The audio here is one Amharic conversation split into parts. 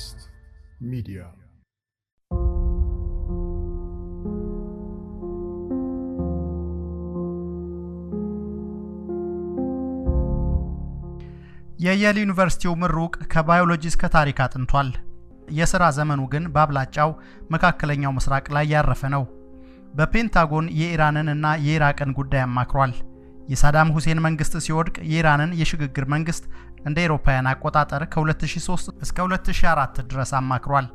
Podcast Media. የየል ዩኒቨርሲቲው ምሩቅ ከባዮሎጂ እስከ ታሪክ አጥንቷል። የሥራ ዘመኑ ግን በአብላጫው መካከለኛው ምስራቅ ላይ ያረፈ ነው። በፔንታጎን የኢራንን እና የኢራቅን ጉዳይ አማክሯል። የሳዳም ሁሴን መንግስት ሲወድቅ የኢራንን የሽግግር መንግስት እንደ ኤሮፓውያን አቆጣጠር ከ2003 እስከ 2004 ድረስ አማክሯል።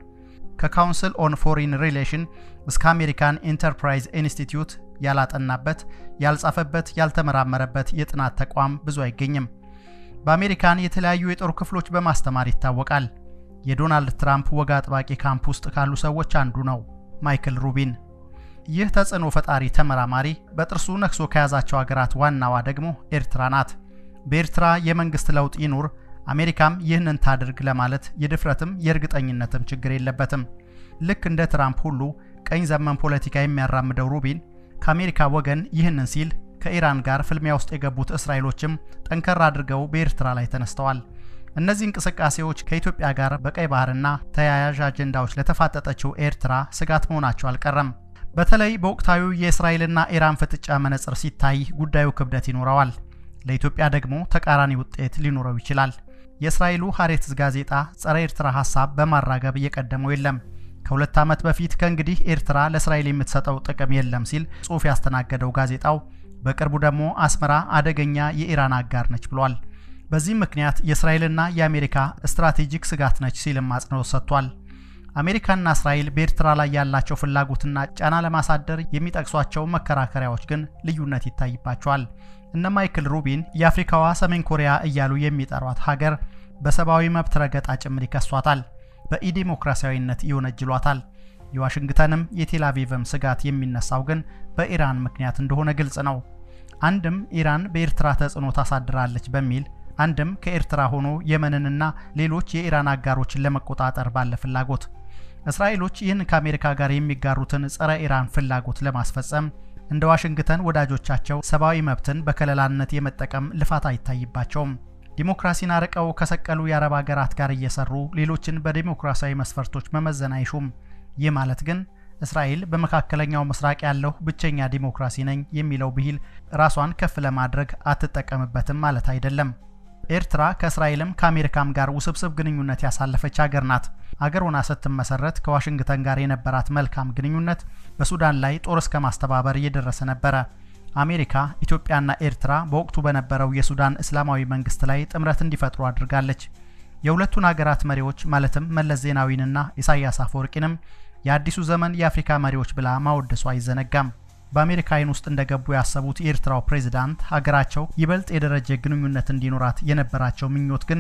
ከካውንስል ኦን ፎሪን ሪሌሽን እስከ አሜሪካን ኢንተርፕራይዝ ኢንስቲትዩት ያላጠናበት፣ ያልጻፈበት፣ ያልተመራመረበት የጥናት ተቋም ብዙ አይገኝም። በአሜሪካን የተለያዩ የጦር ክፍሎች በማስተማር ይታወቃል። የዶናልድ ትራምፕ ወግ አጥባቂ ካምፕ ውስጥ ካሉ ሰዎች አንዱ ነው ማይክል ሩቢን። ይህ ተጽዕኖ ፈጣሪ ተመራማሪ በጥርሱ ነክሶ ከያዛቸው አገራት ዋናዋ ደግሞ ኤርትራ ናት። በኤርትራ የመንግስት ለውጥ ይኑር አሜሪካም ይህንን ታድርግ ለማለት የድፍረትም የእርግጠኝነትም ችግር የለበትም። ልክ እንደ ትራምፕ ሁሉ ቀኝ ዘመን ፖለቲካ የሚያራምደው ሩቢን ከአሜሪካ ወገን ይህንን ሲል ከኢራን ጋር ፍልሚያ ውስጥ የገቡት እስራኤሎችም ጠንከር አድርገው በኤርትራ ላይ ተነስተዋል። እነዚህ እንቅስቃሴዎች ከኢትዮጵያ ጋር በቀይ ባህርና ተያያዥ አጀንዳዎች ለተፋጠጠችው ኤርትራ ስጋት መሆናቸው አልቀረም። በተለይ በወቅታዊው የእስራኤልና ኢራን ፍጥጫ መነጽር ሲታይ ጉዳዩ ክብደት ይኖረዋል። ለኢትዮጵያ ደግሞ ተቃራኒ ውጤት ሊኖረው ይችላል። የእስራኤሉ ሀሬትስ ጋዜጣ ጸረ ኤርትራ ሀሳብ በማራገብ እየቀደመው የለም። ከሁለት ዓመት በፊት ከእንግዲህ ኤርትራ ለእስራኤል የምትሰጠው ጥቅም የለም ሲል ጽሑፍ ያስተናገደው ጋዜጣው በቅርቡ ደግሞ አስመራ አደገኛ የኢራን አጋር ነች ብሏል። በዚህም ምክንያት የእስራኤልና የአሜሪካ ስትራቴጂክ ስጋት ነች ሲልም አጽንኦት ሰጥቷል። አሜሪካና እስራኤል በኤርትራ ላይ ያላቸው ፍላጎትና ጫና ለማሳደር የሚጠቅሷቸው መከራከሪያዎች ግን ልዩነት ይታይባቸዋል። እነ ማይክል ሩቢን የአፍሪካዋ ሰሜን ኮሪያ እያሉ የሚጠሯት ሀገር በሰብአዊ መብት ረገጣ ጭምር ይከሷታል፣ በኢዴሞክራሲያዊነት ይወነጅሏታል። የዋሽንግተንም የቴላቪቭም ስጋት የሚነሳው ግን በኢራን ምክንያት እንደሆነ ግልጽ ነው። አንድም ኢራን በኤርትራ ተጽዕኖ ታሳድራለች በሚል አንድም ከኤርትራ ሆኖ የመንንና ሌሎች የኢራን አጋሮችን ለመቆጣጠር ባለ ፍላጎት እስራኤሎች ይህን ከአሜሪካ ጋር የሚጋሩትን ጸረ ኢራን ፍላጎት ለማስፈጸም እንደ ዋሽንግተን ወዳጆቻቸው ሰብአዊ መብትን በከለላነት የመጠቀም ልፋት አይታይባቸውም። ዲሞክራሲን አርቀው ከሰቀሉ የአረብ ሀገራት ጋር እየሰሩ ሌሎችን በዲሞክራሲያዊ መስፈርቶች መመዘን አይሹም። ይህ ማለት ግን እስራኤል በመካከለኛው ምስራቅ ያለው ብቸኛ ዲሞክራሲ ነኝ የሚለው ብሂል ራሷን ከፍ ለማድረግ አትጠቀምበትም ማለት አይደለም። ኤርትራ ከእስራኤልም ከአሜሪካም ጋር ውስብስብ ግንኙነት ያሳለፈች ሀገር ናት። አገር ሆና ስትመሰረት ከዋሽንግተን ጋር የነበራት መልካም ግንኙነት በሱዳን ላይ ጦር እስከ ማስተባበር እየደረሰ ነበረ። አሜሪካ ኢትዮጵያና ኤርትራ በወቅቱ በነበረው የሱዳን እስላማዊ መንግስት ላይ ጥምረት እንዲፈጥሩ አድርጋለች። የሁለቱን ሀገራት መሪዎች ማለትም መለስ ዜናዊንና ኢሳያስ አፈወርቂንም የአዲሱ ዘመን የአፍሪካ መሪዎች ብላ ማወደሱ አይዘነጋም። በአሜሪካ አይን ውስጥ እንደገቡ ያሰቡት የኤርትራው ፕሬዚዳንት ሀገራቸው ይበልጥ የደረጀ ግንኙነት እንዲኖራት የነበራቸው ምኞት ግን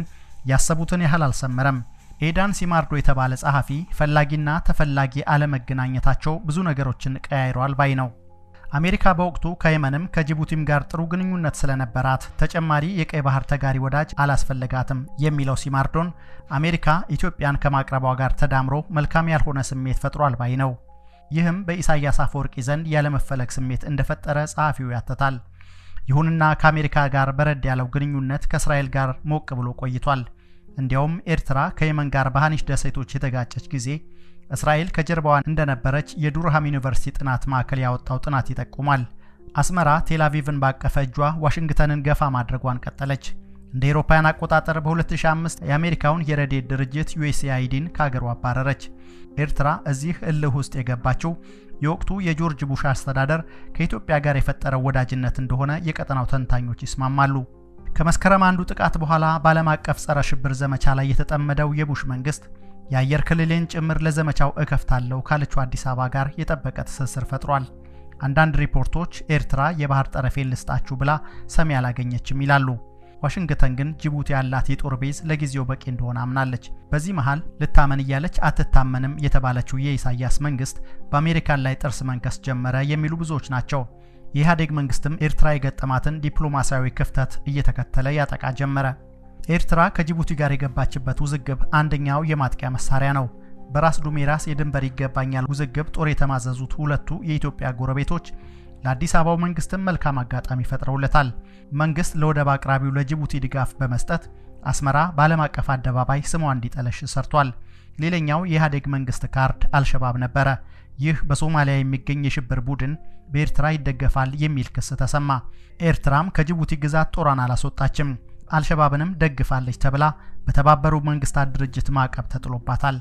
ያሰቡትን ያህል አልሰመረም። ኤዳን ሲማርዶ የተባለ ጸሐፊ ፈላጊና ተፈላጊ አለመገናኘታቸው ብዙ ነገሮችን ቀያይሯል ባይ ነው። አሜሪካ በወቅቱ ከየመንም ከጅቡቲም ጋር ጥሩ ግንኙነት ስለነበራት ተጨማሪ የቀይ ባህር ተጋሪ ወዳጅ አላስፈለጋትም የሚለው ሲማርዶን አሜሪካ ኢትዮጵያን ከማቅረቧ ጋር ተዳምሮ መልካም ያልሆነ ስሜት ፈጥሯል ባይ ነው። ይህም በኢሳያስ አፈወርቂ ዘንድ ያለመፈለግ ስሜት እንደፈጠረ ጸሐፊው ያተታል። ይሁንና ከአሜሪካ ጋር በረድ ያለው ግንኙነት ከእስራኤል ጋር ሞቅ ብሎ ቆይቷል። እንዲያውም ኤርትራ ከየመን ጋር በሃኒሽ ደሴቶች የተጋጨች ጊዜ እስራኤል ከጀርባዋ እንደነበረች የዱርሃም ዩኒቨርሲቲ ጥናት ማዕከል ያወጣው ጥናት ይጠቁማል። አስመራ ቴል ባቀፈ እጇ ዋሽንግተንን ገፋ ማድረጓን ቀጠለች። እንደ ኤሮፓውያን አቆጣጠር በ2005 የአሜሪካውን የረድኤት ድርጅት ዩኤስኤአይዲን ከአገሩ አባረረች። ኤርትራ እዚህ እልህ ውስጥ የገባችው የወቅቱ የጆርጅ ቡሽ አስተዳደር ከኢትዮጵያ ጋር የፈጠረው ወዳጅነት እንደሆነ የቀጠናው ተንታኞች ይስማማሉ። ከመስከረም አንዱ ጥቃት በኋላ በዓለም አቀፍ ጸረ ሽብር ዘመቻ ላይ የተጠመደው የቡሽ መንግስት የአየር ክልሌን ጭምር ለዘመቻው እከፍታለሁ ካለችው አዲስ አበባ ጋር የጠበቀ ትስስር ፈጥሯል። አንዳንድ ሪፖርቶች ኤርትራ የባህር ጠረፌን ልስጣችሁ ብላ ሰሚ አላገኘችም ይላሉ። ዋሽንግተን ግን ጅቡቲ ያላት የጦር ቤዝ ለጊዜው በቂ እንደሆነ አምናለች። በዚህ መሃል ልታመን እያለች አትታመንም የተባለችው የኢሳያስ መንግስት በአሜሪካን ላይ ጥርስ መንከስ ጀመረ የሚሉ ብዙዎች ናቸው። የኢህአዴግ መንግስትም ኤርትራ የገጠማትን ዲፕሎማሲያዊ ክፍተት እየተከተለ ያጠቃ ጀመረ። ኤርትራ ከጅቡቲ ጋር የገባችበት ውዝግብ አንደኛው የማጥቂያ መሳሪያ ነው። በራስ ዱሜራስ የድንበር ይገባኛል ውዝግብ ጦር የተማዘዙት ሁለቱ የኢትዮጵያ ጎረቤቶች ለአዲስ አበባው መንግስትም መልካም አጋጣሚ ፈጥረውለታል። መንግስት ለወደብ አቅራቢው ለጅቡቲ ድጋፍ በመስጠት አስመራ በዓለም አቀፍ አደባባይ ስሟ እንዲጠለሽ ሰርቷል። ሌላኛው የኢህአዴግ መንግስት ካርድ አልሸባብ ነበረ። ይህ በሶማሊያ የሚገኝ የሽብር ቡድን በኤርትራ ይደገፋል የሚል ክስ ተሰማ። ኤርትራም ከጅቡቲ ግዛት ጦሯን አላስወጣችም፣ አልሸባብንም ደግፋለች ተብላ በተባበሩ መንግስታት ድርጅት ማዕቀብ ተጥሎባታል።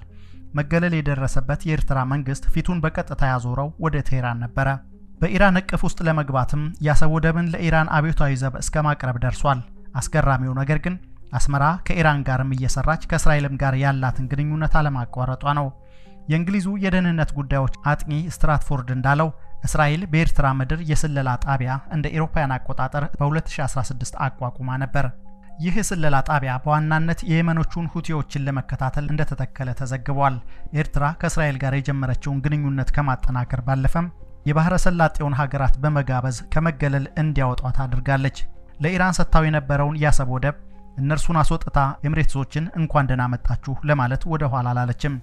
መገለል የደረሰበት የኤርትራ መንግስት ፊቱን በቀጥታ ያዞረው ወደ ቴህራን ነበረ። በኢራን እቅፍ ውስጥ ለመግባትም ያሰብ ወደብን ለኢራን አብዮታዊ ዘብ እስከ ማቅረብ ደርሷል። አስገራሚው ነገር ግን አስመራ ከኢራን ጋርም እየሰራች ከእስራኤልም ጋር ያላትን ግንኙነት አለማቋረጧ ነው። የእንግሊዙ የደህንነት ጉዳዮች አጥኚ ስትራትፎርድ እንዳለው እስራኤል በኤርትራ ምድር የስለላ ጣቢያ እንደ ኤሮፓውያን አቆጣጠር በ2016 አቋቁማ ነበር። ይህ ስለላ ጣቢያ በዋናነት የየመኖቹን ሁቲዎችን ለመከታተል እንደተተከለ ተዘግቧል። ኤርትራ ከእስራኤል ጋር የጀመረችውን ግንኙነት ከማጠናከር ባለፈም የባህረ ሰላጤውን ሀገራት በመጋበዝ ከመገለል እንዲያወጧት አድርጋለች። ለኢራን ሰጥታው የነበረውን የአሰብ ወደብ እነርሱን አስወጥታ ኤምሬትሶችን እንኳን ደህና መጣችሁ ለማለት ወደ ኋላ አላለችም።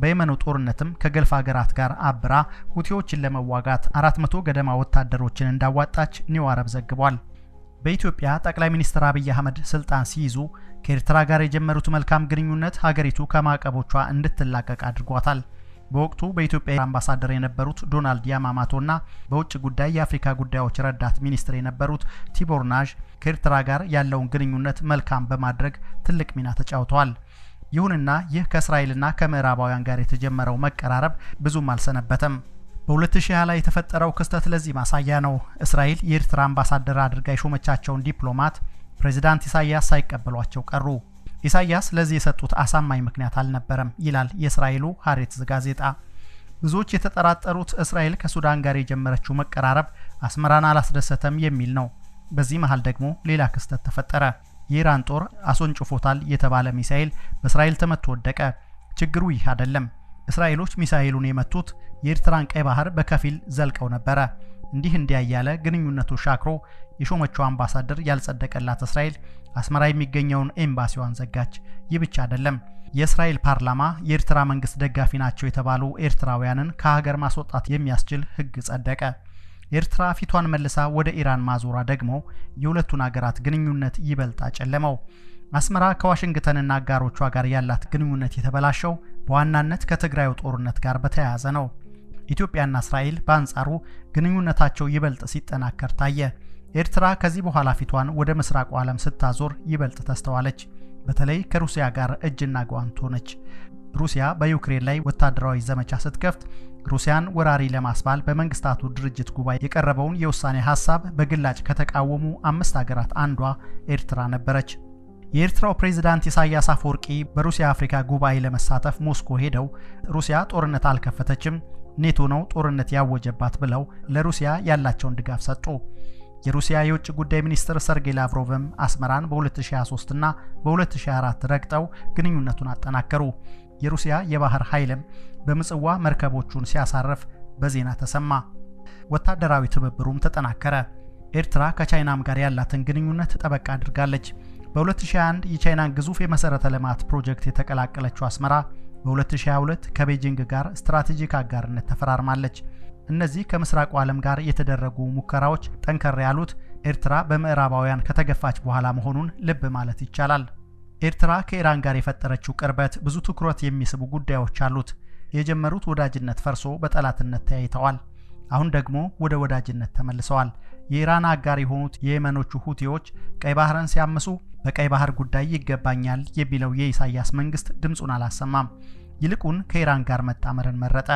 በየመኑ ጦርነትም ከገልፍ ሀገራት ጋር አብራ ሁቲዎችን ለመዋጋት 400 ገደማ ወታደሮችን እንዳዋጣች ኒው አረብ ዘግቧል። በኢትዮጵያ ጠቅላይ ሚኒስትር አብይ አህመድ ስልጣን ሲይዙ ከኤርትራ ጋር የጀመሩት መልካም ግንኙነት ሀገሪቱ ከማዕቀቦቿ እንድትላቀቅ አድርጓታል። በወቅቱ በኢትዮጵያ አምባሳደር የነበሩት ዶናልድ ያማማቶና በውጭ ጉዳይ የአፍሪካ ጉዳዮች ረዳት ሚኒስትር የነበሩት ቲቦር ናዥ ከኤርትራ ጋር ያለውን ግንኙነት መልካም በማድረግ ትልቅ ሚና ተጫውተዋል። ይሁንና ይህ ከእስራኤልና ከምዕራባውያን ጋር የተጀመረው መቀራረብ ብዙም አልሰነበተም። በ2020 ላይ የተፈጠረው ክስተት ለዚህ ማሳያ ነው። እስራኤል የኤርትራ አምባሳደር አድርጋ የሾመቻቸውን ዲፕሎማት ፕሬዚዳንት ኢሳያስ ሳይቀበሏቸው ቀሩ። ኢሳያስ ለዚህ የሰጡት አሳማኝ ምክንያት አልነበረም ይላል የእስራኤሉ ሀሬትዝ ጋዜጣ። ብዙዎች የተጠራጠሩት እስራኤል ከሱዳን ጋር የጀመረችው መቀራረብ አስመራን አላስደሰተም የሚል ነው። በዚህ መሀል ደግሞ ሌላ ክስተት ተፈጠረ። የኢራን ጦር አሶንጭፎታል የተባለ ሚሳኤል በእስራኤል ተመቶ ወደቀ። ችግሩ ይህ አይደለም። እስራኤሎች ሚሳኤሉን የመቱት የኤርትራን ቀይ ባህር በከፊል ዘልቀው ነበረ። እንዲህ እንዲያ እያለ ግንኙነቱ ሻክሮ የሾመችው አምባሳደር ያልጸደቀላት እስራኤል አስመራ የሚገኘውን ኤምባሲዋን ዘጋች። ይህ ብቻ አይደለም። የእስራኤል ፓርላማ የኤርትራ መንግስት ደጋፊ ናቸው የተባሉ ኤርትራውያንን ከሀገር ማስወጣት የሚያስችል ህግ ጸደቀ። ኤርትራ ፊቷን መልሳ ወደ ኢራን ማዞራ ደግሞ የሁለቱን አገራት ግንኙነት ይበልጥ አጨለመው። አስመራ ከዋሽንግተንና አጋሮቿ ጋር ያላት ግንኙነት የተበላሸው በዋናነት ከትግራዩ ጦርነት ጋር በተያያዘ ነው። ኢትዮጵያና እስራኤል በአንጻሩ ግንኙነታቸው ይበልጥ ሲጠናከር ታየ። ኤርትራ ከዚህ በኋላ ፊቷን ወደ ምስራቁ ዓለም ስታዞር ይበልጥ ተስተዋለች። በተለይ ከሩሲያ ጋር እጅና ጓንት ሆነች። ሩሲያ በዩክሬን ላይ ወታደራዊ ዘመቻ ስትከፍት ሩሲያን ወራሪ ለማስባል በመንግስታቱ ድርጅት ጉባኤ የቀረበውን የውሳኔ ሀሳብ በግላጭ ከተቃወሙ አምስት ሀገራት አንዷ ኤርትራ ነበረች። የኤርትራው ፕሬዝዳንት ኢሳያስ አፈወርቂ በሩሲያ አፍሪካ ጉባኤ ለመሳተፍ ሞስኮ ሄደው ሩሲያ ጦርነት አልከፈተችም ኔቶ ነው ጦርነት ያወጀባት ብለው ለሩሲያ ያላቸውን ድጋፍ ሰጡ። የሩሲያ የውጭ ጉዳይ ሚኒስትር ሰርጌይ ላቭሮቭም አስመራን በ2023 እና በ2024 ረግጠው ግንኙነቱን አጠናከሩ። የሩሲያ የባህር ኃይልም በምጽዋ መርከቦቹን ሲያሳርፍ በዜና ተሰማ። ወታደራዊ ትብብሩም ተጠናከረ። ኤርትራ ከቻይናም ጋር ያላትን ግንኙነት ጠበቅ አድርጋለች። በ 2001 የቻይናን ግዙፍ የመሠረተ ልማት ፕሮጀክት የተቀላቀለችው አስመራ በ2022 ከቤጂንግ ጋር ስትራቴጂክ አጋርነት ተፈራርማለች። እነዚህ ከምስራቁ ዓለም ጋር የተደረጉ ሙከራዎች ጠንከር ያሉት ኤርትራ በምዕራባውያን ከተገፋች በኋላ መሆኑን ልብ ማለት ይቻላል። ኤርትራ ከኢራን ጋር የፈጠረችው ቅርበት ብዙ ትኩረት የሚስቡ ጉዳዮች አሉት። የጀመሩት ወዳጅነት ፈርሶ በጠላትነት ተያይተዋል። አሁን ደግሞ ወደ ወዳጅነት ተመልሰዋል። የኢራን አጋር የሆኑት የየመኖቹ ሁቲዎች ቀይ ባህርን ሲያምሱ በቀይ ባህር ጉዳይ ይገባኛል የሚለው የኢሳያስ መንግስት ድምፁን አላሰማም። ይልቁን ከኢራን ጋር መጣመርን መረጠ።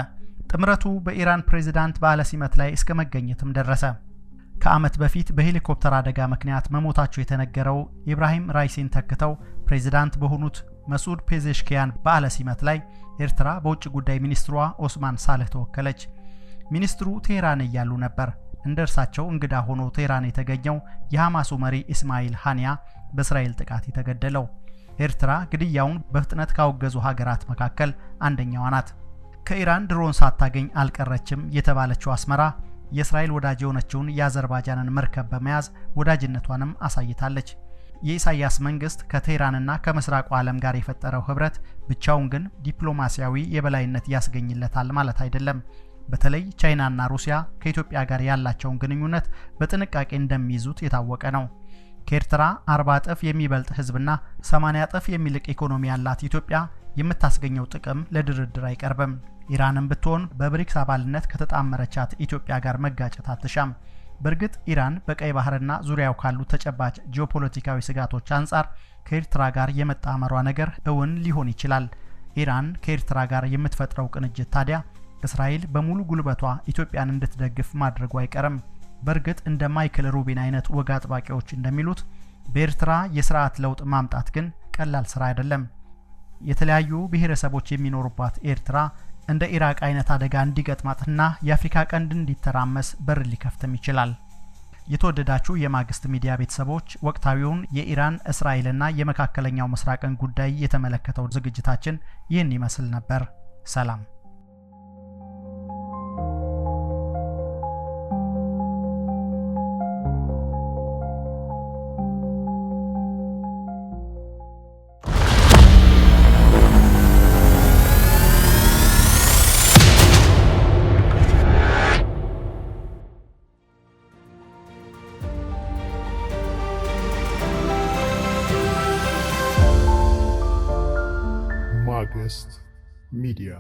ጥምረቱ በኢራን ፕሬዚዳንት በዓለ ሲመት ላይ እስከ መገኘትም ደረሰ። ከዓመት በፊት በሄሊኮፕተር አደጋ ምክንያት መሞታቸው የተነገረው ኢብራሂም ራይሲን ተክተው ፕሬዚዳንት በሆኑት መሱድ ፔዜሽኪያን በዓለ ሲመት ላይ ኤርትራ በውጭ ጉዳይ ሚኒስትሯ ኦስማን ሳልህ ተወከለች። ሚኒስትሩ ቴህራን እያሉ ነበር። እንደ እርሳቸው እንግዳ ሆኖ ቴህራን የተገኘው የሐማሱ መሪ ኢስማኤል ሃኒያ በእስራኤል ጥቃት የተገደለው። ኤርትራ ግድያውን በፍጥነት ካወገዙ ሀገራት መካከል አንደኛዋ ናት። ከኢራን ድሮን ሳታገኝ አልቀረችም የተባለችው አስመራ የእስራኤል ወዳጅ የሆነችውን የአዘርባይጃንን መርከብ በመያዝ ወዳጅነቷንም አሳይታለች። የኢሳያስ መንግስት ከቴህራንና ከምስራቁ ዓለም ጋር የፈጠረው ህብረት ብቻውን ግን ዲፕሎማሲያዊ የበላይነት ያስገኝለታል ማለት አይደለም። በተለይ ቻይናና ሩሲያ ከኢትዮጵያ ጋር ያላቸውን ግንኙነት በጥንቃቄ እንደሚይዙት የታወቀ ነው። ከኤርትራ 40 እጥፍ የሚበልጥ ሕዝብና 80 እጥፍ የሚልቅ ኢኮኖሚ ያላት ኢትዮጵያ የምታስገኘው ጥቅም ለድርድር አይቀርብም። ኢራንም ብትሆን በብሪክስ አባልነት ከተጣመረቻት ኢትዮጵያ ጋር መጋጨት አትሻም። በእርግጥ ኢራን በቀይ ባህርና ዙሪያው ካሉ ተጨባጭ ጂኦፖለቲካዊ ስጋቶች አንጻር ከኤርትራ ጋር የመጣመሯ ነገር እውን ሊሆን ይችላል። ኢራን ከኤርትራ ጋር የምትፈጥረው ቅንጅት ታዲያ እስራኤል በሙሉ ጉልበቷ ኢትዮጵያን እንድትደግፍ ማድረጉ አይቀርም። በእርግጥ እንደ ማይክል ሩቢን አይነት ወግ አጥባቂዎች እንደሚሉት በኤርትራ የስርዓት ለውጥ ማምጣት ግን ቀላል ስራ አይደለም። የተለያዩ ብሔረሰቦች የሚኖሩባት ኤርትራ እንደ ኢራቅ አይነት አደጋ እንዲገጥማትና የአፍሪካ ቀንድ እንዲተራመስ በር ሊከፍትም ይችላል። የተወደዳችሁ የማግስት ሚዲያ ቤተሰቦች ወቅታዊውን የኢራን እስራኤልና የመካከለኛው ምስራቅን ጉዳይ የተመለከተው ዝግጅታችን ይህን ይመስል ነበር። ሰላም። Media